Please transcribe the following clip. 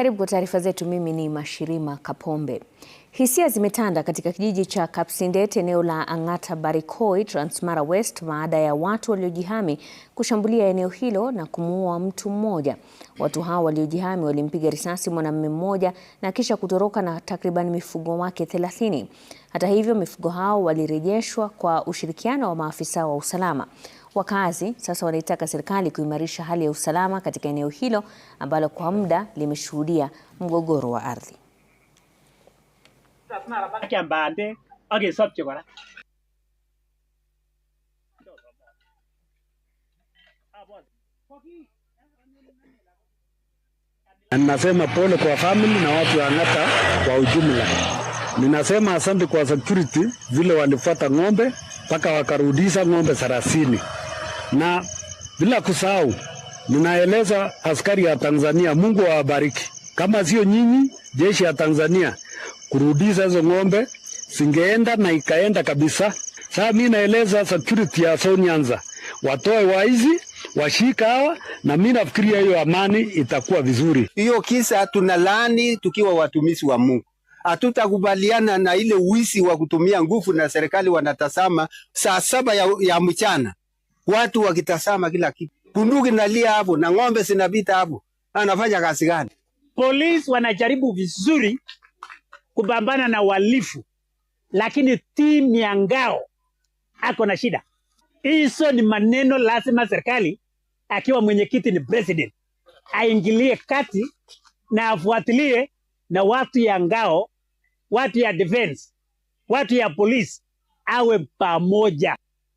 Karibu kwa taarifa zetu. Mimi ni Mashirima Kapombe. Hisia zimetanda katika kijiji cha Kapsindet eneo la Ang'ata Barikoi, Transmara West baada ya watu waliojihami kushambulia eneo hilo na kumuua mtu mmoja. Watu hao waliojihami walimpiga risasi mwanamume mmoja na kisha kutoroka na takriban mifugo wake 30 Hata hivyo, mifugo hao walirejeshwa kwa ushirikiano wa maafisa wa usalama. Wakazi sasa wanaitaka serikali kuimarisha hali ya usalama katika eneo hilo ambalo kwa muda limeshuhudia mgogoro wa ardhi. Kiam bandek ak kora. Ninasema pole kwa family na watu wa Ng'ata kwa ujumla. Ninasema asante kwa security vile walifuata ng'ombe mpaka wakarudisha ng'ombe thelathini, na bila kusahau ninaeleza askari ya Tanzania, Mungu awabariki. Kama sio nyinyi, jeshi ya Tanzania kurudisha hizo ng'ombe, singeenda na ikaenda kabisa. Sasa mi naeleza security ya so Nyanza watoe waizi washika hawa na mi nafikiria hiyo amani itakuwa vizuri. Hiyo kisa tunalaani tukiwa watumishi wa Mungu, hatutakubaliana na ile uisi wa kutumia nguvu, na serikali wanatazama saa saba ya, ya mchana, watu wakitazama kila kitu, bunduki nalia hapo na ng'ombe zinapita hapo, anafanya kazi gani? Polisi wanajaribu vizuri kupambana na uhalifu, lakini timu ya ngao ako na shida. Hizo ni maneno lazima serikali akiwa mwenyekiti ni president aingilie kati na afuatilie, na watu ya ngao, watu ya defense, watu ya polisi awe pamoja.